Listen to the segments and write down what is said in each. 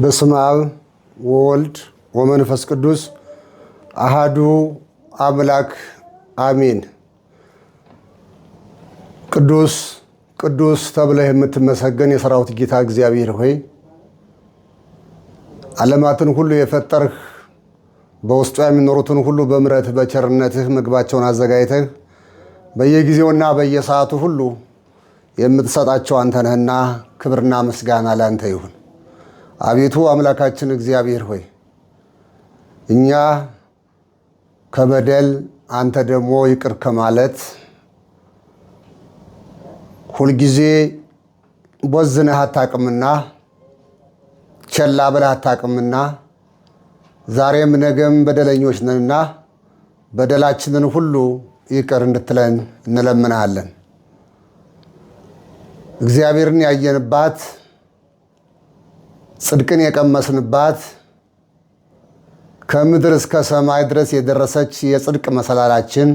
በስመ አብ ወወልድ ወመንፈስ ቅዱስ አሃዱ አምላክ አሜን። ቅዱስ ቅዱስ ተብለህ የምትመሰገን የሰራዊት ጌታ እግዚአብሔር ሆይ ዓለማትን ሁሉ የፈጠርህ በውስጡ የሚኖሩትን ሁሉ በምረት በቸርነትህ ምግባቸውን አዘጋጅተህ በየጊዜውና በየሰዓቱ ሁሉ የምትሰጣቸው አንተ ነህና ክብርና ምስጋና ለአንተ ይሁን። አቤቱ አምላካችን እግዚአብሔር ሆይ እኛ ከበደል አንተ ደግሞ ይቅር ከማለት ሁልጊዜ ቦዝነህ አታቅምና ቸላ ብለህ አታቅምና ዛሬም ነገም በደለኞች ነንና በደላችንን ሁሉ ይቅር እንድትለን እንለምናሃለን። እግዚአብሔርን ያየንባት ጽድቅን የቀመስንባት ከምድር እስከ ሰማይ ድረስ የደረሰች የጽድቅ መሰላላችን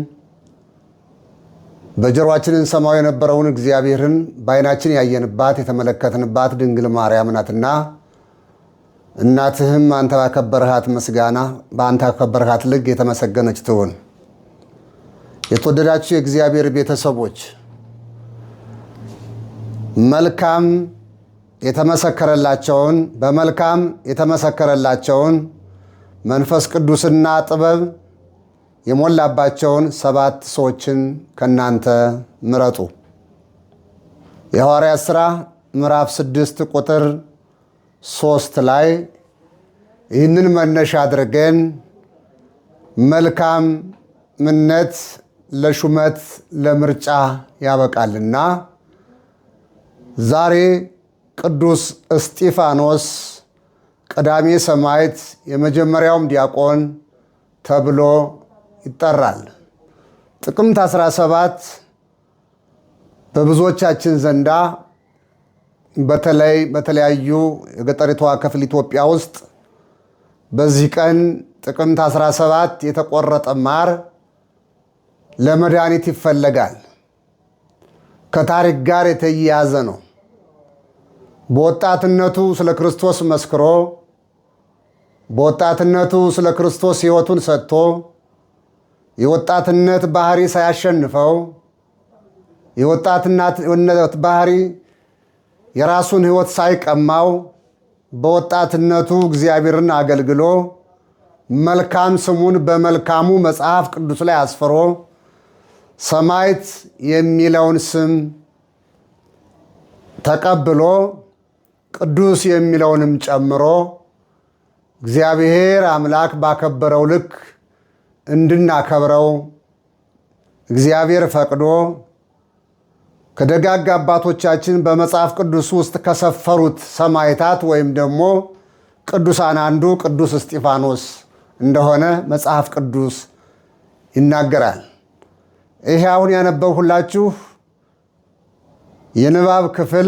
በጆሮአችን እንሰማው የነበረውን እግዚአብሔርን በዓይናችን ያየንባት የተመለከትንባት ድንግል ማርያም ናትና እናትህም አንተ ባከበርሃት ምስጋና በአንተ ባከበርሃት ልግ የተመሰገነች ትሁን። የተወደዳችሁ የእግዚአብሔር ቤተሰቦች መልካም የተመሰከረላቸውን በመልካም የተመሰከረላቸውን መንፈስ ቅዱስና ጥበብ የሞላባቸውን ሰባት ሰዎችን ከእናንተ ምረጡ። የሐዋርያት ሥራ ምዕራፍ ስድስት ቁጥር ሶስት ላይ ይህንን መነሻ አድርገን ምነት ለሹመት ለምርጫ ያበቃልና ዛሬ ቅዱስ እስጢፋኖስ ቀዳሜ ሰማዕት የመጀመሪያውም ዲያቆን ተብሎ ይጠራል። ጥቅምት 17 በብዙዎቻችን ዘንዳ በተለይ በተለያዩ የገጠሪቷ ክፍል ኢትዮጵያ ውስጥ በዚህ ቀን ጥቅምት 17 የተቆረጠ ማር ለመድኃኒት ይፈለጋል። ከታሪክ ጋር የተያያዘ ነው። በወጣትነቱ ስለ ክርስቶስ መስክሮ በወጣትነቱ ስለ ክርስቶስ ሕይወቱን ሰጥቶ የወጣትነት ባህሪ ሳያሸንፈው የወጣትነት ባህሪ የራሱን ሕይወት ሳይቀማው በወጣትነቱ እግዚአብሔርን አገልግሎ መልካም ስሙን በመልካሙ መጽሐፍ ቅዱስ ላይ አስፍሮ ሰማይት የሚለውን ስም ተቀብሎ ቅዱስ የሚለውንም ጨምሮ እግዚአብሔር አምላክ ባከበረው ልክ እንድናከብረው እግዚአብሔር ፈቅዶ ከደጋግ አባቶቻችን በመጽሐፍ ቅዱስ ውስጥ ከሰፈሩት ሰማዕታት ወይም ደግሞ ቅዱሳን አንዱ ቅዱስ እስጢፋኖስ እንደሆነ መጽሐፍ ቅዱስ ይናገራል። ይሄ አሁን ያነበብሁላችሁ የንባብ ክፍል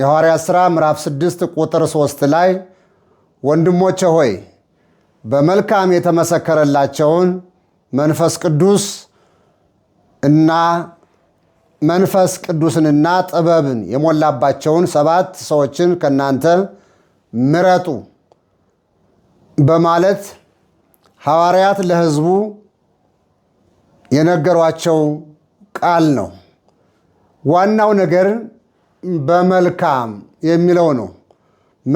የሐዋርያት ሥራ ምዕራፍ 6 ቁጥር 3 ላይ ወንድሞቼ ሆይ በመልካም የተመሰከረላቸውን መንፈስ ቅዱስ እና መንፈስ ቅዱስንና ጥበብን የሞላባቸውን ሰባት ሰዎችን ከእናንተ ምረጡ በማለት ሐዋርያት ለሕዝቡ የነገሯቸው ቃል ነው። ዋናው ነገር በመልካም የሚለው ነው።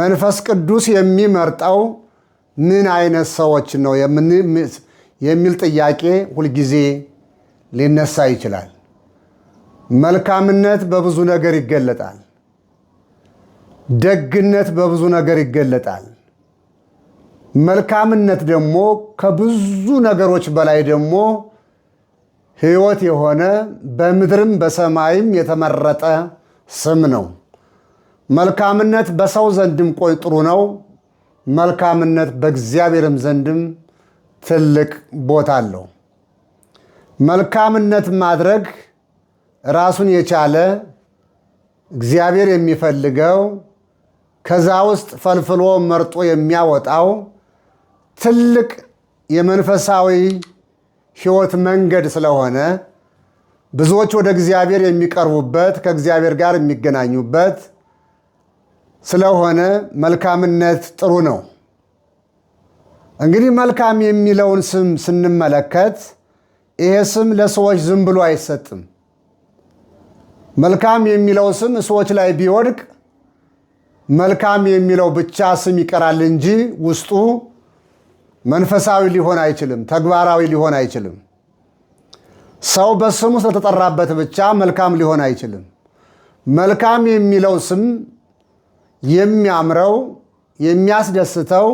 መንፈስ ቅዱስ የሚመርጠው ምን አይነት ሰዎች ነው የሚል ጥያቄ ሁልጊዜ ሊነሳ ይችላል። መልካምነት በብዙ ነገር ይገለጣል። ደግነት በብዙ ነገር ይገለጣል። መልካምነት ደግሞ ከብዙ ነገሮች በላይ ደግሞ ሕይወት የሆነ በምድርም በሰማይም የተመረጠ ስም ነው። መልካምነት በሰው ዘንድም ቆይ ጥሩ ነው፣ መልካምነት በእግዚአብሔርም ዘንድም ትልቅ ቦታ አለው። መልካምነት ማድረግ ራሱን የቻለ እግዚአብሔር የሚፈልገው ከዛ ውስጥ ፈልፍሎ መርጦ የሚያወጣው ትልቅ የመንፈሳዊ ሕይወት መንገድ ስለሆነ ብዙዎች ወደ እግዚአብሔር የሚቀርቡበት ከእግዚአብሔር ጋር የሚገናኙበት ስለሆነ መልካምነት ጥሩ ነው። እንግዲህ መልካም የሚለውን ስም ስንመለከት ይሄ ስም ለሰዎች ዝም ብሎ አይሰጥም። መልካም የሚለው ስም ሰዎች ላይ ቢወድቅ መልካም የሚለው ብቻ ስም ይቀራል እንጂ ውስጡ መንፈሳዊ ሊሆን አይችልም፣ ተግባራዊ ሊሆን አይችልም። ሰው በስሙ ስለተጠራበት ብቻ መልካም ሊሆን አይችልም። መልካም የሚለው ስም የሚያምረው የሚያስደስተው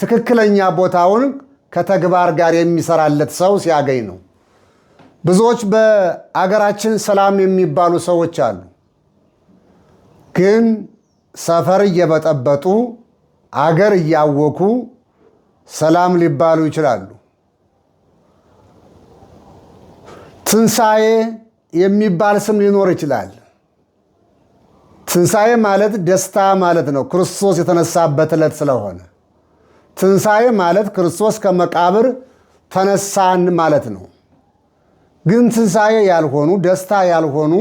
ትክክለኛ ቦታውን ከተግባር ጋር የሚሰራለት ሰው ሲያገኝ ነው። ብዙዎች በአገራችን ሰላም የሚባሉ ሰዎች አሉ። ግን ሰፈር እየበጠበጡ አገር እያወኩ ሰላም ሊባሉ ይችላሉ። ትንሣኤ የሚባል ስም ሊኖር ይችላል። ትንሣኤ ማለት ደስታ ማለት ነው፣ ክርስቶስ የተነሳበት ዕለት ስለሆነ ትንሣኤ ማለት ክርስቶስ ከመቃብር ተነሳን ማለት ነው። ግን ትንሣኤ ያልሆኑ ደስታ ያልሆኑ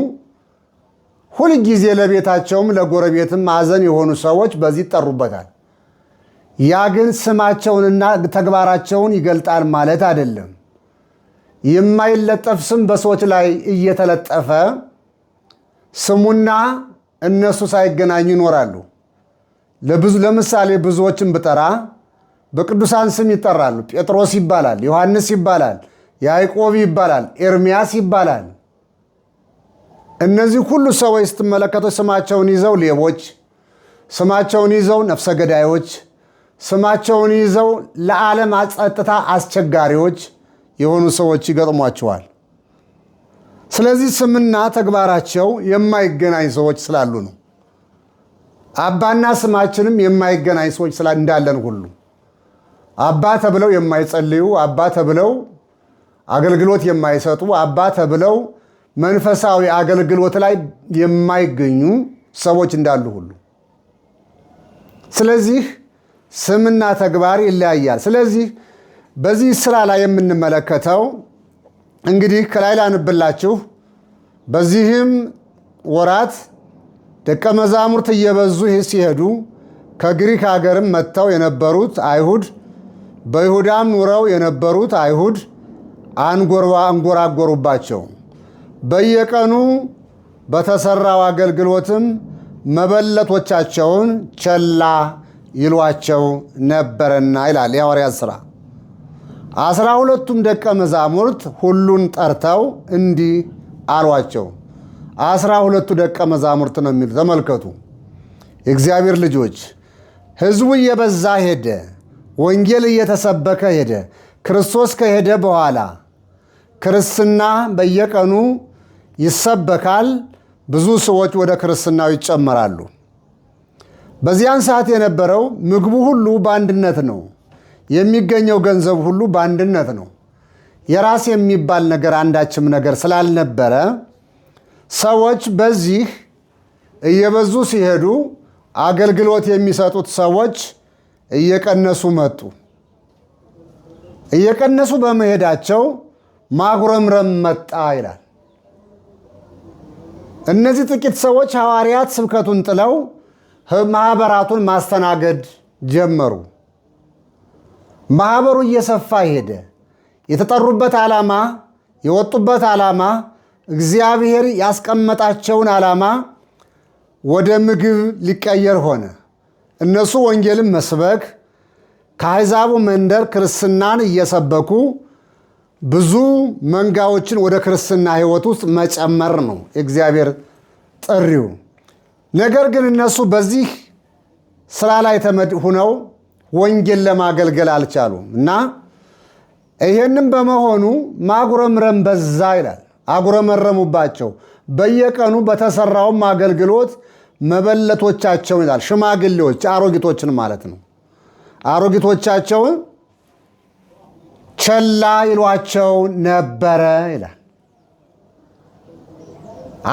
ሁልጊዜ ለቤታቸውም ለጎረቤትም ማዘን የሆኑ ሰዎች በዚህ ይጠሩበታል። ያ ግን ስማቸውንና ተግባራቸውን ይገልጣል ማለት አይደለም። የማይለጠፍ ስም በሰዎች ላይ እየተለጠፈ ስሙና እነሱ ሳይገናኙ ይኖራሉ። ለምሳሌ ብዙዎችን ብጠራ በቅዱሳን ስም ይጠራሉ። ጴጥሮስ ይባላል፣ ዮሐንስ ይባላል፣ ያዕቆብ ይባላል፣ ኤርሚያስ ይባላል። እነዚህ ሁሉ ሰዎች ስትመለከቶች ስማቸውን ይዘው ሌቦች፣ ስማቸውን ይዘው ነፍሰ ገዳዮች፣ ስማቸውን ይዘው ለዓለም ጸጥታ አስቸጋሪዎች የሆኑ ሰዎች ይገጥሟቸዋል። ስለዚህ ስምና ተግባራቸው የማይገናኝ ሰዎች ስላሉ ነው። አባና ስማችንም የማይገናኝ ሰዎች እንዳለን ሁሉ አባ ተብለው የማይጸልዩ፣ አባ ተብለው አገልግሎት የማይሰጡ፣ አባ ተብለው መንፈሳዊ አገልግሎት ላይ የማይገኙ ሰዎች እንዳሉ ሁሉ ስለዚህ ስምና ተግባር ይለያያል። ስለዚህ በዚህ ስራ ላይ የምንመለከተው እንግዲህ ከላይ ላንብላችሁ። በዚህም ወራት ደቀ መዛሙርት እየበዙ ሲሄዱ ከግሪክ አገርም መጥተው የነበሩት አይሁድ በይሁዳም ኑረው የነበሩት አይሁድ አንጎራጎሩባቸው። በየቀኑ በተሰራው አገልግሎትም መበለቶቻቸውን ቸላ ይሏቸው ነበረና ይላል የሐዋርያት ሥራ አስራ ሁለቱም ደቀ መዛሙርት ሁሉን ጠርተው እንዲህ አሏቸው። አስራ ሁለቱ ደቀ መዛሙርት ነው የሚሉ ተመልከቱ። የእግዚአብሔር ልጆች ሕዝቡ እየበዛ ሄደ፣ ወንጌል እየተሰበከ ሄደ። ክርስቶስ ከሄደ በኋላ ክርስትና በየቀኑ ይሰበካል። ብዙ ሰዎች ወደ ክርስትናው ይጨመራሉ። በዚያን ሰዓት የነበረው ምግቡ ሁሉ በአንድነት ነው። የሚገኘው ገንዘብ ሁሉ በአንድነት ነው። የራስ የሚባል ነገር አንዳችም ነገር ስላልነበረ ሰዎች በዚህ እየበዙ ሲሄዱ አገልግሎት የሚሰጡት ሰዎች እየቀነሱ መጡ። እየቀነሱ በመሄዳቸው ማጉረምረም መጣ ይላል። እነዚህ ጥቂት ሰዎች ሐዋርያት ስብከቱን ጥለው ማኅበራቱን ማስተናገድ ጀመሩ። ማህበሩ እየሰፋ ሄደ። የተጠሩበት ዓላማ፣ የወጡበት ዓላማ፣ እግዚአብሔር ያስቀመጣቸውን ዓላማ ወደ ምግብ ሊቀየር ሆነ። እነሱ ወንጌልን መስበክ፣ ከአሕዛቡ መንደር ክርስትናን እየሰበኩ ብዙ መንጋዎችን ወደ ክርስትና ሕይወት ውስጥ መጨመር ነው የእግዚአብሔር ጥሪው። ነገር ግን እነሱ በዚህ ስራ ላይ ተመድ ሁነው ወንጌል አልቻሉም እና ይሄንም በመሆኑ ማጉረምረም በዛ ይላል። አጉረመረሙባቸው በየቀኑ በተሰራውም አገልግሎት መበለቶቻቸውን ይላል። ሽማግሌዎች አሮጊቶችን ማለት ነው። አሮጊቶቻቸውን ቸላ ይሏቸው ነበረ ይላል።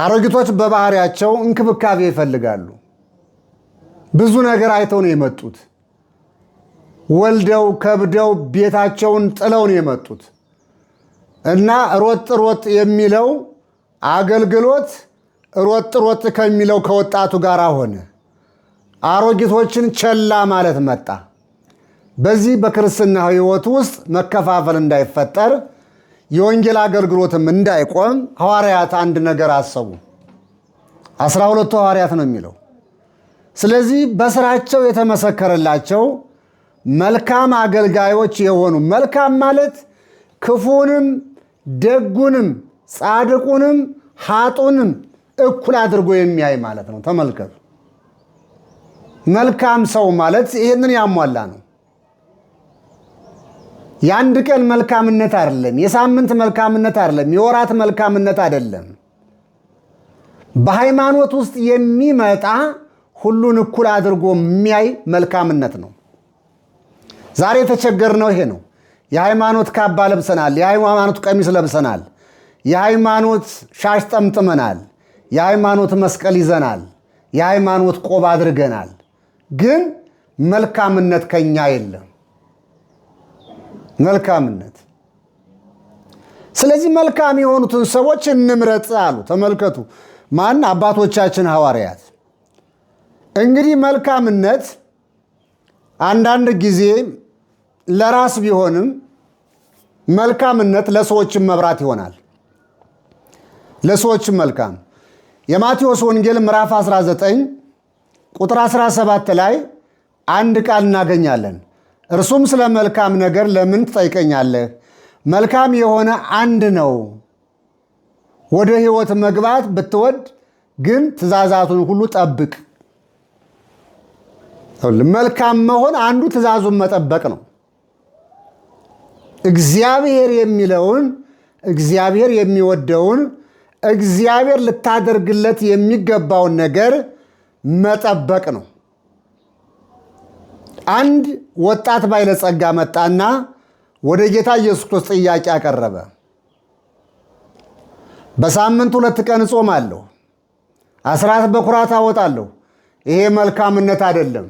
አሮጊቶች በባህሪያቸው እንክብካቤ ይፈልጋሉ። ብዙ ነገር አይተው ነው የመጡት። ወልደው ከብደው ቤታቸውን ጥለው ነው የመጡት እና ሮጥ ሮጥ የሚለው አገልግሎት ሮጥ ሮጥ ከሚለው ከወጣቱ ጋር ሆነ። አሮጊቶችን ቸላ ማለት መጣ። በዚህ በክርስትና ሕይወት ውስጥ መከፋፈል እንዳይፈጠር የወንጌል አገልግሎትም እንዳይቆም ሐዋርያት አንድ ነገር አሰቡ። አስራ ሁለቱ ሐዋርያት ነው የሚለው። ስለዚህ በስራቸው የተመሰከረላቸው መልካም አገልጋዮች የሆኑ መልካም ማለት ክፉንም ደጉንም ጻድቁንም ሀጡንም እኩል አድርጎ የሚያይ ማለት ነው። ተመልከቱ። መልካም ሰው ማለት ይህንን ያሟላ ነው። የአንድ ቀን መልካምነት አይደለም። የሳምንት መልካምነት አይደለም። የወራት መልካምነት አይደለም። በሃይማኖት ውስጥ የሚመጣ ሁሉን እኩል አድርጎ የሚያይ መልካምነት ነው። ዛሬ የተቸገርነው ይሄ ነው። የሃይማኖት ካባ ለብሰናል። የሃይማኖት ቀሚስ ለብሰናል። የሃይማኖት ሻሽ ጠምጥመናል። የሃይማኖት መስቀል ይዘናል። የሃይማኖት ቆብ አድርገናል። ግን መልካምነት ከኛ የለም። መልካምነት ስለዚህ መልካም የሆኑትን ሰዎች እንምረጥ አሉ። ተመልከቱ፣ ማን አባቶቻችን ሐዋርያት። እንግዲህ መልካምነት አንዳንድ ጊዜ ለራስ ቢሆንም መልካምነት ለሰዎችም መብራት ይሆናል። ለሰዎችም መልካም የማቴዎስ ወንጌል ምዕራፍ 19 ቁጥር 17 ላይ አንድ ቃል እናገኛለን። እርሱም ስለ መልካም ነገር ለምን ትጠይቀኛለህ? መልካም የሆነ አንድ ነው። ወደ ሕይወት መግባት ብትወድ ግን ትእዛዛቱን ሁሉ ጠብቅ። መልካም መሆን አንዱ ትእዛዙን መጠበቅ ነው። እግዚአብሔር የሚለውን እግዚአብሔር የሚወደውን እግዚአብሔር ልታደርግለት የሚገባውን ነገር መጠበቅ ነው። አንድ ወጣት ባለጸጋ መጣና ወደ ጌታ ኢየሱስ ክርስቶስ ጥያቄ አቀረበ። በሳምንት ሁለት ቀን እጾማለሁ፣ አስራት በኩራት አወጣለሁ። ይሄ መልካምነት አይደለም፣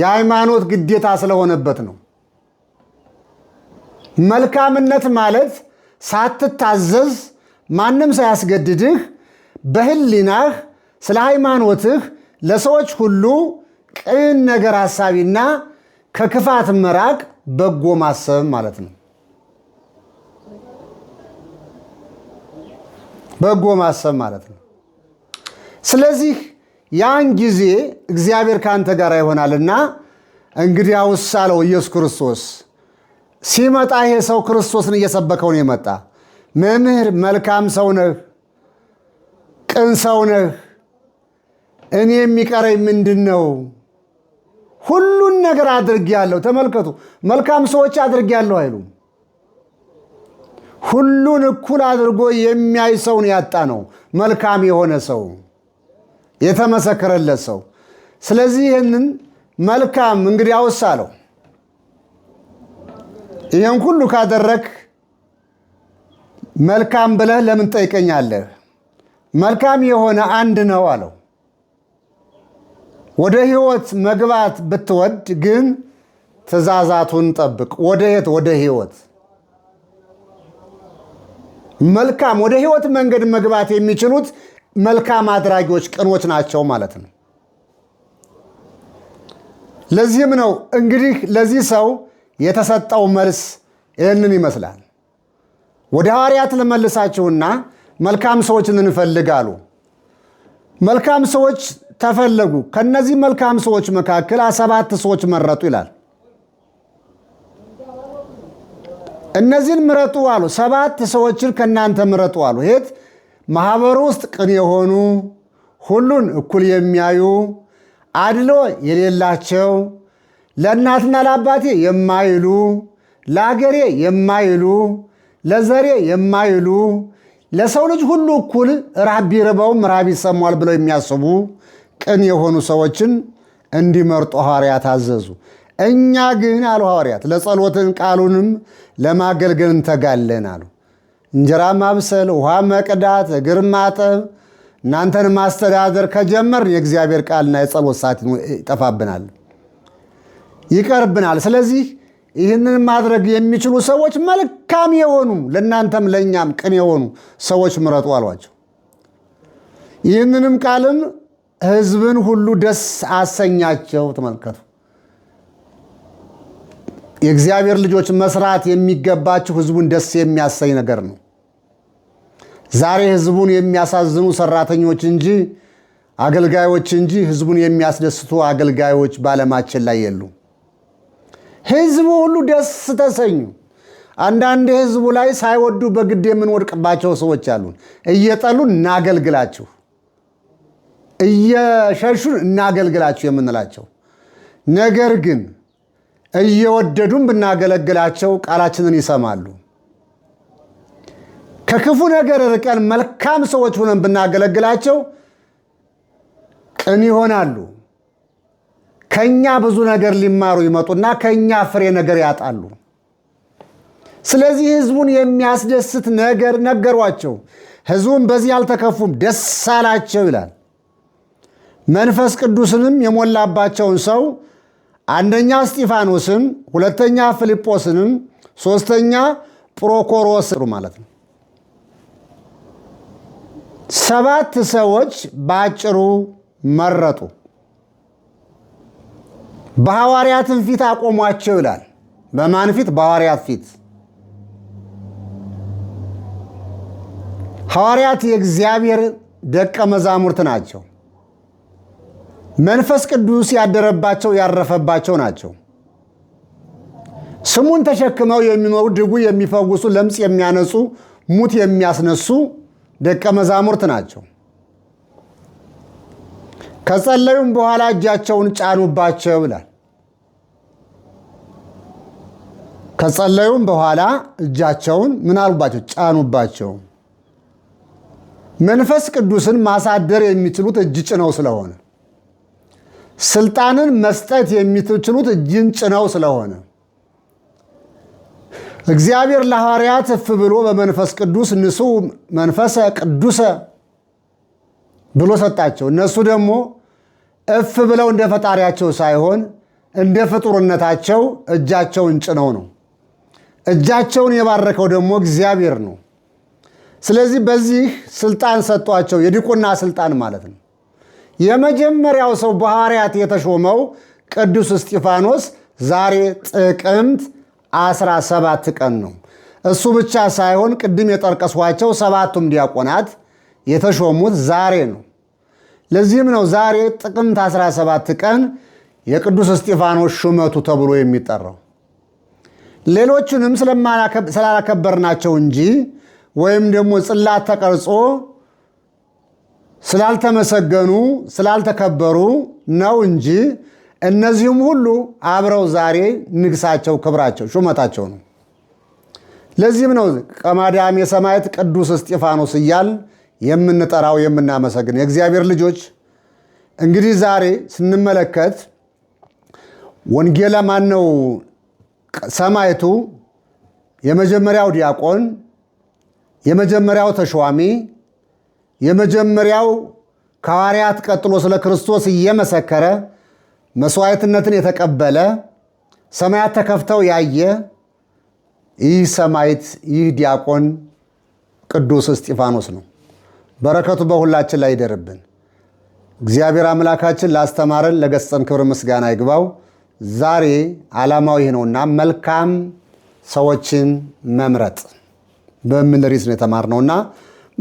የሃይማኖት ግዴታ ስለሆነበት ነው መልካምነት ማለት ሳትታዘዝ ማንም ሳያስገድድህ በህሊናህ ስለ ሃይማኖትህ ለሰዎች ሁሉ ቅን ነገር አሳቢና ከክፋት መራቅ በጎ ማሰብ ማለት ነው። በጎ ማሰብ ማለት ነው። ስለዚህ ያን ጊዜ እግዚአብሔር ከአንተ ጋር ይሆናልና እንግዲህ አውሳለው ኢየሱስ ክርስቶስ ሲመጣ ይሄ ሰው ክርስቶስን እየሰበከው ነው የመጣ። መምህር መልካም ሰው ነህ፣ ቅን ሰው ነህ፣ እኔ የሚቀረኝ ምንድን ነው? ሁሉን ነገር አድርጌያለሁ። ተመልከቱ፣ መልካም ሰዎች አድርጌያለሁ አይሉም። ሁሉን እኩል አድርጎ የሚያይ ሰውን ያጣ ነው መልካም የሆነ ሰው የተመሰከረለት ሰው። ስለዚህ ይህንን መልካም እንግዲህ አውሳለሁ ይህን ሁሉ ካደረግ መልካም ብለህ ለምን ጠይቀኛለህ? መልካም የሆነ አንድ ነው አለው። ወደ ህይወት መግባት ብትወድ ግን ትእዛዛቱን ጠብቅ። ወደ የት? ወደ ህይወት መልካም ወደ ህይወት መንገድ መግባት የሚችሉት መልካም አድራጊዎች ቅኖች ናቸው ማለት ነው። ለዚህም ነው እንግዲህ ለዚህ ሰው የተሰጠው መልስ ይህንን ይመስላል። ወደ ሐዋርያት ልመልሳችሁና መልካም ሰዎችን እንፈልግ አሉ። መልካም ሰዎች ተፈለጉ። ከነዚህ መልካም ሰዎች መካከል ሰባት ሰዎች መረጡ ይላል። እነዚህን ምረጡ አሉ። ሰባት ሰዎችን ከእናንተ ምረጡ አሉ። የት ማህበሩ ውስጥ ቅን የሆኑ ሁሉን እኩል የሚያዩ አድሎ የሌላቸው ለእናትና ለአባቴ የማይሉ ለአገሬ የማይሉ ለዘሬ የማይሉ ለሰው ልጅ ሁሉ እኩል ራብ ቢርበውም ራብ ይሰሟል ብለው የሚያስቡ ቅን የሆኑ ሰዎችን እንዲመርጡ ሐዋርያት አዘዙ። እኛ ግን አሉ ሐዋርያት ለጸሎትን ቃሉንም ለማገልገል እንተጋለን አሉ። እንጀራ ማብሰል፣ ውሃ መቅዳት፣ እግር ማጠብ፣ እናንተን ማስተዳደር ከጀመርን የእግዚአብሔር ቃልና የጸሎት ሰዓት ይጠፋብናል። ይቀርብናል። ስለዚህ ይህንን ማድረግ የሚችሉ ሰዎች መልካም የሆኑ ለእናንተም ለእኛም ቅን የሆኑ ሰዎች ምረጡ አሏቸው። ይህንንም ቃልም ሕዝብን ሁሉ ደስ አሰኛቸው። ተመልከቱ። የእግዚአብሔር ልጆች መስራት የሚገባችሁ ሕዝቡን ደስ የሚያሰኝ ነገር ነው። ዛሬ ሕዝቡን የሚያሳዝኑ ሰራተኞች እንጂ አገልጋዮች እንጂ ሕዝቡን የሚያስደስቱ አገልጋዮች በዓለማችን ላይ የሉም። ህዝቡ ሁሉ ደስ ተሰኙ። አንዳንድ ህዝቡ ላይ ሳይወዱ በግድ የምንወድቅባቸው ሰዎች አሉን። እየጠሉን እናገልግላችሁ፣ እየሸሹን እናገልግላችሁ የምንላቸው ነገር ግን እየወደዱን ብናገለግላቸው ቃላችንን ይሰማሉ። ከክፉ ነገር ርቀን መልካም ሰዎች ሆነን ብናገለግላቸው ቅን ይሆናሉ። ከኛ ብዙ ነገር ሊማሩ ይመጡና ከኛ ፍሬ ነገር ያጣሉ። ስለዚህ ህዝቡን የሚያስደስት ነገር ነገሯቸው። ህዝቡም በዚህ አልተከፉም፣ ደስ አላቸው ይላል። መንፈስ ቅዱስንም የሞላባቸውን ሰው አንደኛ እስጢፋኖስን፣ ሁለተኛ ፊልጶስንም፣ ሶስተኛ ጵሮኮሮስ ማለት ነው። ሰባት ሰዎች በአጭሩ መረጡ። በሐዋርያትን ፊት አቆሟቸው ይላል። በማን ፊት? በሐዋርያት ፊት። ሐዋርያት የእግዚአብሔር ደቀ መዛሙርት ናቸው። መንፈስ ቅዱስ ያደረባቸው ያረፈባቸው ናቸው። ስሙን ተሸክመው የሚኖሩ ድጉ የሚፈውሱ፣ ለምጽ የሚያነጹ፣ ሙት የሚያስነሱ ደቀ መዛሙርት ናቸው። ከጸለዩም በኋላ እጃቸውን ጫኑባቸው ይላል። ከጸለዩም በኋላ እጃቸውን ምን አሉባቸው? ጫኑባቸው። መንፈስ ቅዱስን ማሳደር የሚችሉት እጅ ጭነው ስለሆነ፣ ስልጣንን መስጠት የሚችሉት እጅን ጭነው ስለሆነ እግዚአብሔር ለሐዋርያት እፍ ብሎ በመንፈስ ቅዱስ ንሱ መንፈሰ ቅዱሰ ብሎ ሰጣቸው። እነሱ ደግሞ እፍ ብለው እንደ ፈጣሪያቸው ሳይሆን እንደ ፍጡርነታቸው እጃቸውን ጭነው ነው። እጃቸውን የባረከው ደግሞ እግዚአብሔር ነው። ስለዚህ በዚህ ስልጣን ሰጥቷቸው የዲቁና ስልጣን ማለት ነው። የመጀመሪያው ሰው በሐዋርያት የተሾመው ቅዱስ እስጢፋኖስ ዛሬ ጥቅምት 17 ቀን ነው። እሱ ብቻ ሳይሆን ቅድም የጠርቀሷቸው ሰባቱም ዲያቆናት የተሾሙት ዛሬ ነው። ለዚህም ነው ዛሬ ጥቅምት 17 ቀን የቅዱስ እስጢፋኖስ ሹመቱ ተብሎ የሚጠራው። ሌሎቹንም ስላላከበርናቸው እንጂ ወይም ደግሞ ጽላት ተቀርጾ ስላልተመሰገኑ ስላልተከበሩ ነው እንጂ እነዚህም ሁሉ አብረው ዛሬ ንግሳቸው፣ ክብራቸው፣ ሹመታቸው ነው። ለዚህም ነው ቀማዳም የሰማዕት ቅዱስ እስጢፋኖስ እያል የምንጠራው የምናመሰግን የእግዚአብሔር ልጆች። እንግዲህ ዛሬ ስንመለከት ወንጌላ ማን ነው ሰማይቱ የመጀመሪያው ዲያቆን የመጀመሪያው ተሿሚ የመጀመሪያው ከሐዋርያት ቀጥሎ ስለ ክርስቶስ እየመሰከረ መሥዋዕትነትን የተቀበለ ሰማያት ተከፍተው ያየ ይህ ሰማይት ይህ ዲያቆን ቅዱስ እስጢፋኖስ ነው። በረከቱ በሁላችን ላይ ይደርብን። እግዚአብሔር አምላካችን ላስተማረን ለገሰጸን ክብር ምስጋና ይግባው። ዛሬ ዓላማው ይህ ነውና መልካም ሰዎችን መምረጥ በሚል ርዕስ ነው የተማርነውና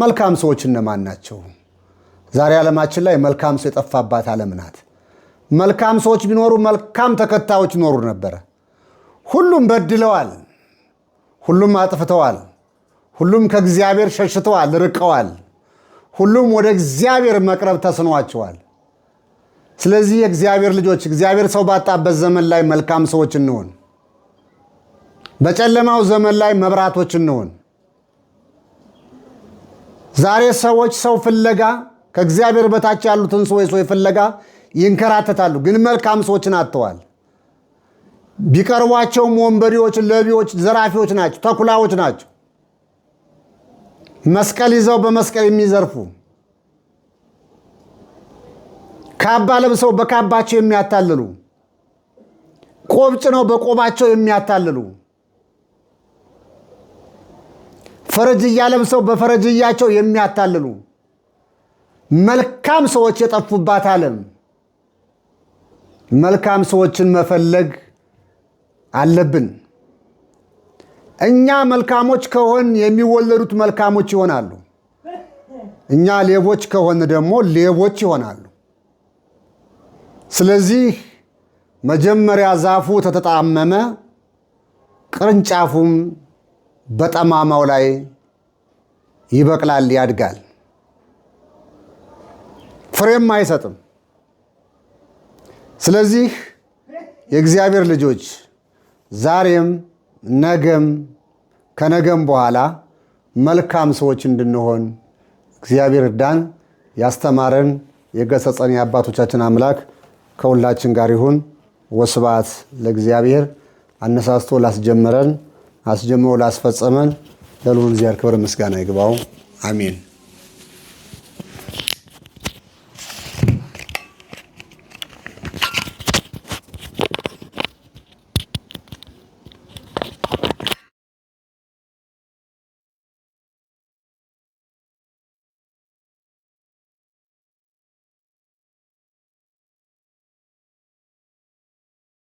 መልካም ሰዎች እነማን ናቸው? ዛሬ ዓለማችን ላይ መልካም ሰው የጠፋባት ዓለም ናት። መልካም ሰዎች ቢኖሩ መልካም ተከታዮች ይኖሩ ነበረ። ሁሉም በድለዋል፣ ሁሉም አጥፍተዋል፣ ሁሉም ከእግዚአብሔር ሸሽተዋል፣ ርቀዋል። ሁሉም ወደ እግዚአብሔር መቅረብ ተስኗቸዋል። ስለዚህ የእግዚአብሔር ልጆች እግዚአብሔር ሰው ባጣበት ዘመን ላይ መልካም ሰዎች እንሆን። በጨለማው ዘመን ላይ መብራቶች እንሆን። ዛሬ ሰዎች ሰው ፍለጋ ከእግዚአብሔር በታች ያሉትን ሰዎች ሰው ፍለጋ ይንከራተታሉ፣ ግን መልካም ሰዎችን አጥተዋል። ቢቀርቧቸውም ወንበዴዎች፣ ለቢዎች፣ ዘራፊዎች ናቸው፣ ተኩላዎች ናቸው። መስቀል ይዘው በመስቀል የሚዘርፉ ካባ ለብሰው በካባቸው የሚያታልሉ፣ ቆብ ጭነው በቆባቸው የሚያታልሉ፣ ፈረጅያ ለብሰው በፈረጅያቸው የሚያታልሉ መልካም ሰዎች የጠፉባት ዓለም መልካም ሰዎችን መፈለግ አለብን። እኛ መልካሞች ከሆን የሚወለዱት መልካሞች ይሆናሉ። እኛ ሌቦች ከሆን ደግሞ ሌቦች ይሆናሉ። ስለዚህ መጀመሪያ ዛፉ ተተጣመመ፣ ቅርንጫፉም በጠማማው ላይ ይበቅላል፣ ያድጋል፣ ፍሬም አይሰጥም። ስለዚህ የእግዚአብሔር ልጆች ዛሬም ነገም ከነገም በኋላ መልካም ሰዎች እንድንሆን እግዚአብሔር እርዳን። ያስተማረን የገሰጸን የአባቶቻችን አምላክ ከሁላችን ጋር ይሁን። ወስባት ለእግዚአብሔር። አነሳስቶ ላስጀመረን አስጀምሮ ላስፈጸመን ለልዑል እግዚአብሔር ክብር ምስጋና ይግባው። አሜን።